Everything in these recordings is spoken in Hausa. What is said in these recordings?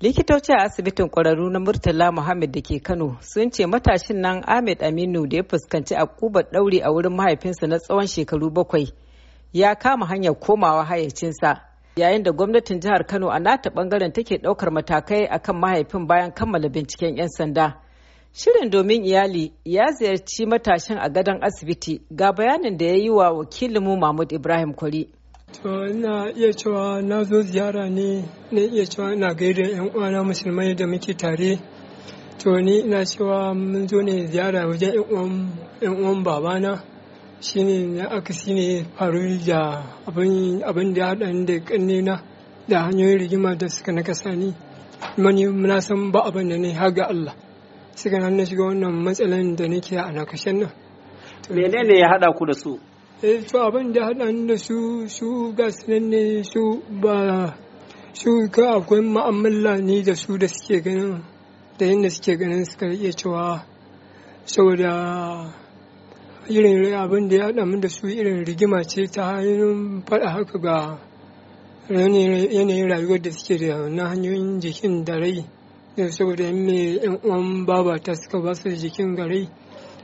likitoci a asibitin ƙwararru na murtala muhammad da ke kano sun ce matashin nan ahmed aminu da ya fuskanci a akubar ɗauri a wurin mahaifinsa na tsawon shekaru bakwai ya kama hanyar komawa hayyacinsa yayin da gwamnatin jihar kano a nata bangaren take ɗaukar matakai akan mahaifin bayan kammala binciken 'yan sanda shirin domin iyali ya ziyarci matashin a gadon asibiti ga bayanin da ya yi wa wakilinmu mahmud ibrahim kwari To ina iya cewa na zo ziyara ne na iya cewa na gaida yan uwana musulmai da muke tare. To ni ina cewa mun zo ne ziyara wajen yan uwan babana ne na akasi ne faru da abin da haɗa da na da hanyoyin rigima da suka na kasa ni. Mani muna san ba abin da ne ga Allah. Suka na shiga wannan matsalan da nake a nakashen nan. Menene ya haɗa ku da su? to abin da haɗan da su su gas ne su ba su ka akwai ma'amala ne da su da suke ganin da yadda suke ganin suka iya cewa saboda irin abin da ya haɗa da su irin rigima ce ta hanyoyin faɗa haka ga yanayin rayuwar da suke da na hanyoyin jikin da rai saboda yin mai yan uwan babata suka ba su jikin ga rai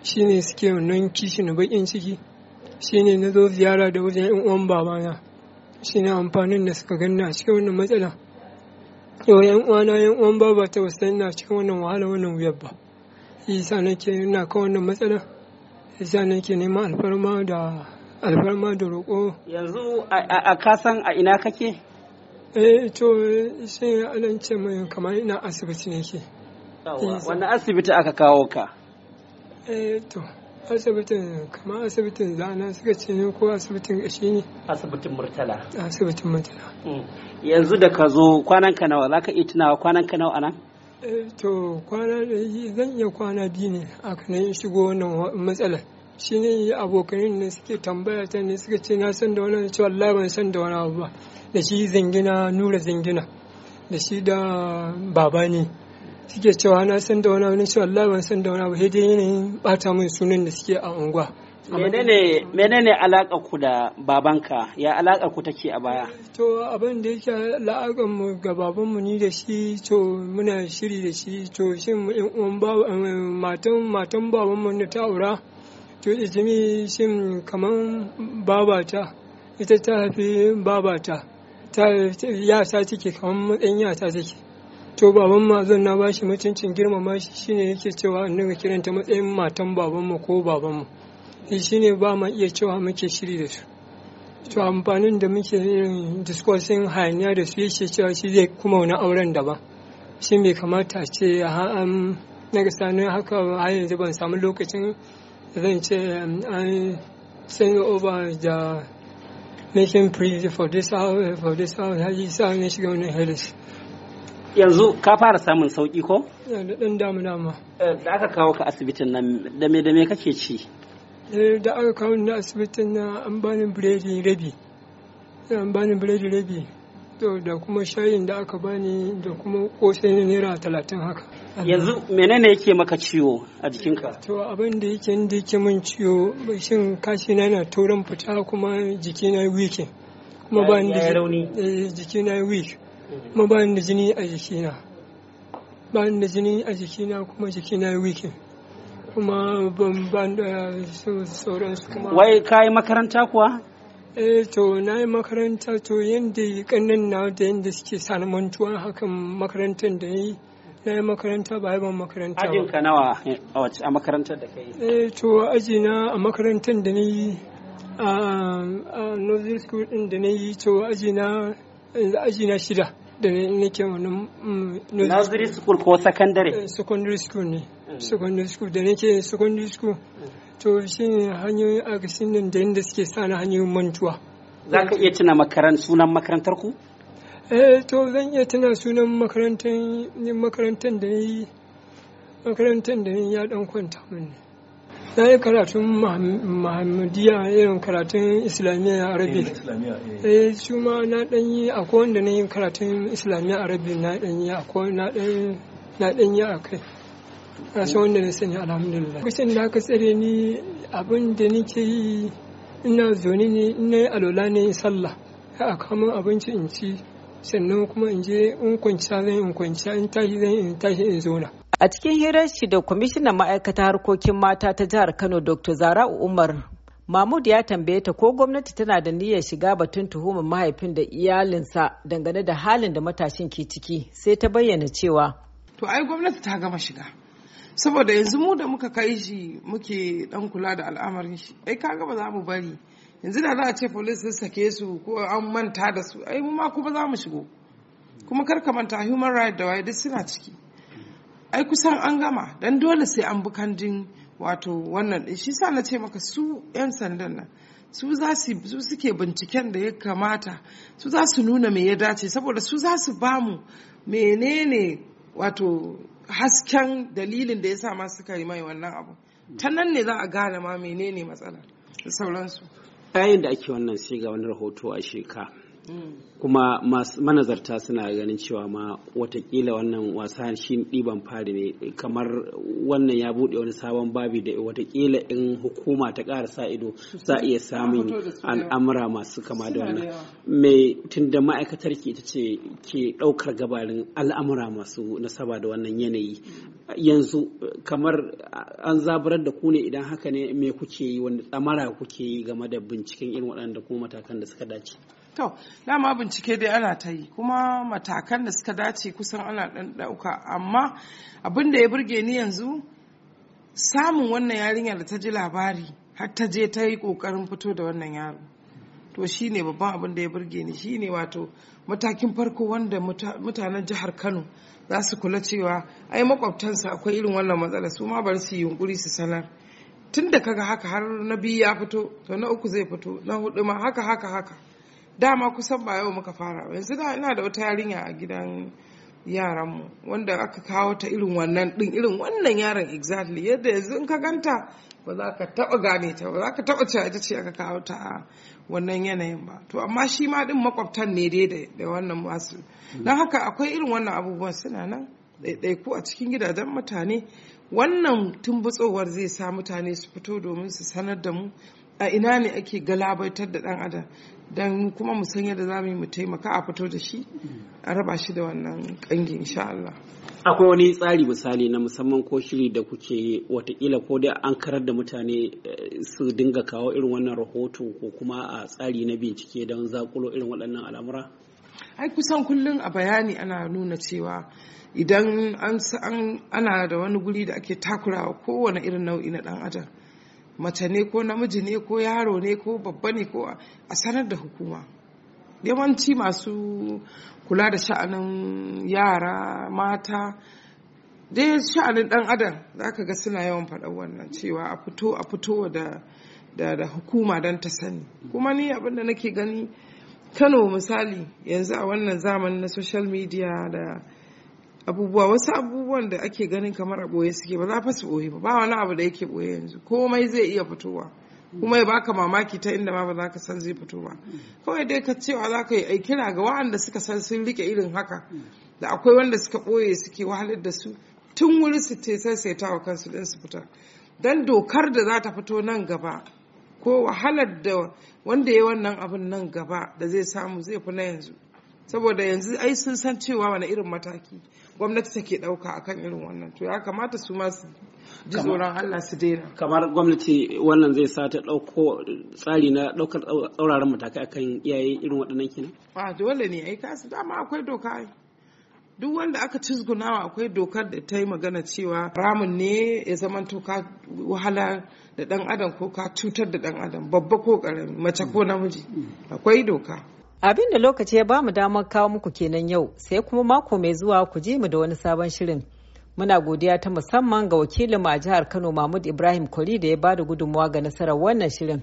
shine suke nan wannan kishin baƙin ciki Shi ne na zo ziyara da wajen yan uwan babana shi ne amfanin da suka ganna a cikin wannan matsala yau yan uwana yan uwan baba ta wasu ina cikin wannan wahala wannan wuyar ba yasa nake ina kan wannan matsala yasa nake neman alfarma da alfarma da roƙo yanzu a kasan a ina kake eh to shi ne ce mai kamar ina asibiti nake wani asibiti aka kawo ka eh to asibitin kamar asibitin zana suka ce ne ko asibitin gashi ne asibitin murtala asibitin murtala mm. yanzu da ka zo kwanan ka nawa zaka iya tunawa kwanan ka nawa anan eh, to kwana zan iya kwana biyu ne aka nan shigo wannan matsalar shi ne abokanin ne suke tambaya ta ne suka ce na san da wani cewa laban ban san da wani abu ba da shi zangina nura zangina da shi da baba ne suke cewa na san da wani wani cewa Allah ban san da wani ba dai yanayin bata mai sunan da suke a unguwa menene alaƙa ku da babanka ya alaƙa ku take a baya to abin da yake la'akan mu ga baban mu ni da shi to muna shiri da shi to shin in uwan matan matan baban mu ta aura to izini shin kaman babata ita ta haifi babata ta yasa take kaman matsayin ta take to baban mazan na shi mutuncin girmama shi shine yake cewa an ga kiranta matsayin matan babanmu ko babanmu eh, shine ba ma iya cewa muke shiri da su to amfanin da muke yin discussing hanya da su yake cewa shi zai kuma wani auren da ba. shi bai kamata ce an na sanin haka har yanzu ban samu lokacin zan ce um, an send over da making praise for this hour for this hour ya yi sa ne shiga wani helis yanzu ka fara samun sauki ko? da ɗan damu ma eh, da aka kawo ka asibitin nan da me da me kake ci eh, da aka kawo na asibitin na an bani biredi rabi eh, an bani biredi rabi to da kuma shayin da aka bani da kuma kosai na naira talatin haka yanzu menene yake maka ciwo a jikinka to abin da yake inda yake min ciwo shin kashi na na taurin fita kuma jikina weak kuma ba ni jikina weak kuma ba da jini a jikina ba da jini a jikina kuma jikina ya wike kuma ban ban da sauransu kuma wai ka yi makaranta kuwa eh to na yi makaranta to yadda kannan na da yadda suke sani mantuwa hakan makarantar da yi na yi makaranta ba ban makaranta ajin ka nawa a makarantar da yi eh to aji na a makarantar da na yi a northern school din da na yi to aji na shida da nake wani mm, nursery school ko secondary eh, secondary school ne mm. secondary school da nake secondary school mm. to shi ne hanyoyin agasin nan da yadda suke sana hanyoyin mantuwa za ka iya tuna makaran sunan makarantar ku eh to zan iya tuna sunan makarantar makarantar da ni makarantar da ni ya dan kwanta mun na yi karatun mahammadiyya irin karatun islamiyya arabic eh su eh. eh, ma na dan yi akwai wanda na yi karatun islamiyya arabi na dan yi a na dan na dan yi na san wanda na sani alhamdulillah kusan da aka tsere ni abin da nake yi ina zoni ne ina yi alola ne sallah a kamar abinci in ci sannan kuma in je in kwanci zan in kwanci in tashi zan in tashi in zona A cikin hirar shi da kwamishinan ma'aikatar harkokin mata ta jihar Kano Dr. Zara'u Umar Mahmud ya tambaye ta ko gwamnati tana da niyyar shiga batun tuhumin mahaifin da iyalinsa dangane da halin da matashin ke ciki sai ta bayyana cewa. To ai gwamnati ta gama shiga. Saboda yanzu mu da muka kai shi muke dan kula da al'amarin shi. Ai ka gaba za mu bari. Yanzu da za a ce polis sun sake su ko an manta da su. Ai mu ma kuma za mu shigo. Kuma kar ka manta human Rights da waye duk suna ciki. ai kusan an gama dan dole sai an bukandin wato wannan ɗin shi sa na ce maka su 'yan sandan nan su za su suke binciken da ya kamata su za su nuna me ya dace saboda su za su bamu menene wato hasken dalilin da ya sa ma suka yi mai wannan abu ta nan ne za a gane ma menene matsala da sauransu yayin da ake wannan sai wani rahoto a shekara kuma manazarta suna ganin cewa ma watakila wannan wasa shi ɗiban fari ne kamar wannan ya buɗe wani sabon babi da watakila in hukuma ta ƙara sa ido za iya samun al'amura masu kama da wannan mai tunda ma'aikatar ki ita ce ke ɗaukar gabarin al'amura masu nasaba da wannan yanayi yanzu kamar an zaburar da ku ne idan haka ne me kuke yi wanda tsamara kuke yi game da binciken irin waɗanda kuma matakan da suka dace To, dama bincike dai ana ta yi kuma matakan da suka dace kusan ana ɗan ɗauka amma abin da ya burge ni yanzu samun wannan yarinyar da ta ji labari har ta je ta yi ƙoƙarin fito da wannan yaro. To shine babban abin da ya burge ni shi ne wato matakin farko wanda mutanen jihar Kano za su kula cewa ai makwabtansa akwai irin wannan matsala su ma bar su yunƙuri su sanar. Tun da kaga haka har na biyu ya fito to na uku zai fito na hudu ma haka haka haka. dama kusan ba yau muka fara yanzu da ina da wata yarinya a gidan yaran mu wanda aka kawo ta irin wannan din irin wannan yaron exactly yadda yanzu in ka ganta ba za ka taba gane ta ba za ka taba cewa ita ce aka kawo ta a wannan yanayin ba to amma shi ma din makwabtan ne dai da wannan masu don haka akwai irin wannan abubuwan suna nan ɗaiɗaiku a cikin gidajen mutane wannan tumbutsowar zai sa mutane su fito domin su sanar da mu a ina ne ake galabaitar da ɗan adam don kuma mu san yadda za mu yi mu taimaka a fito da shi a raba shi da wannan kangi insha Allah. akwai wani tsari misali na musamman ko shiri da kuke watakila ko dai an karar da mutane eh, su dinga kawo irin wannan rahoto ko kuma a tsari na bincike don zakulo irin waɗannan al'amura ai kusan kullum a bayani ana nuna cewa idan ana da wani guri da ake takurawa kowane irin nau'i na ɗan adam mace ne ko namiji ne ko yaro ne ko babba ne ko a sanar da hukuma yawanci masu kula da sha'anin yara mata dai sha'anin dan adam za ka ga suna yawan faɗan wannan cewa a fito a fito da da hukuma don ta sani kuma ni abin da nake gani kano misali yanzu a wannan zamanin na social media da abubuwa wasu abubuwan da ake ganin kamar a ɓoye suke ba za fa su ɓoye ba ba wani abu da yake ɓoye yanzu komai zai iya fitowa kuma ya baka mamaki ta inda ma ba za ka san zai fito ba kawai dai ka cewa za ka yi kira ga waɗanda suka san sun rike irin haka da akwai wanda suka ɓoye suke wahalar da su tun wuri su te ta wa kansu ɗin su fita dan dokar da za ta fito nan gaba ko wahalar da wanda ya wannan abin nan gaba da zai samu zai fi na yanzu saboda yanzu ai sun san cewa wani irin mataki gwamnati take dauka akan irin wannan to ya kamata su ma su ji tsoron Allah su daina kamar gwamnati wannan zai sa ta dauko tsari na daukar tsauraran matakai akan iyaye irin waɗannan kenan a dole ne ai kasu dama akwai doka duk wanda aka cizgunawa akwai dokar da ta yi magana cewa ramin ne ya zama to ka wahala da dan adam ko ka cutar da dan adam babba ko karami mace ko namiji mm. akwai doka Abin da lokaci ya bamu damar kawo muku kenan yau sai kuma mako mai zuwa ku ji mu da wani sabon shirin. Muna godiya ta musamman ga wakilinmu a jihar Kano Mahmud Ibrahim Kori da ya ba da gudunmuwa ga nasarar wannan shirin.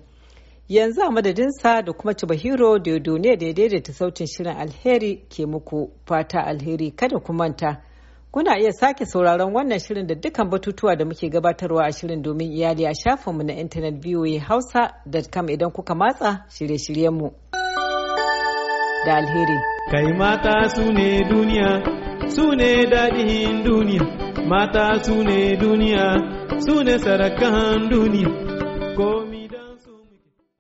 Yanzu a madadinsa da kuma Cibahiro ya ne da ya daidaita sautin shirin alheri ke muku fata alheri kada ku manta. Kuna iya sake sauraron wannan shirin da dukkan batutuwa da muke gabatarwa a shirin domin iyali a shafinmu na intanet voahausa.com idan kuka matsa shirye-shiryenmu. da alheri. Kai mata su ne duniya, su ne daɗin duniya, mata su ne duniya, su ne sarakan duniya.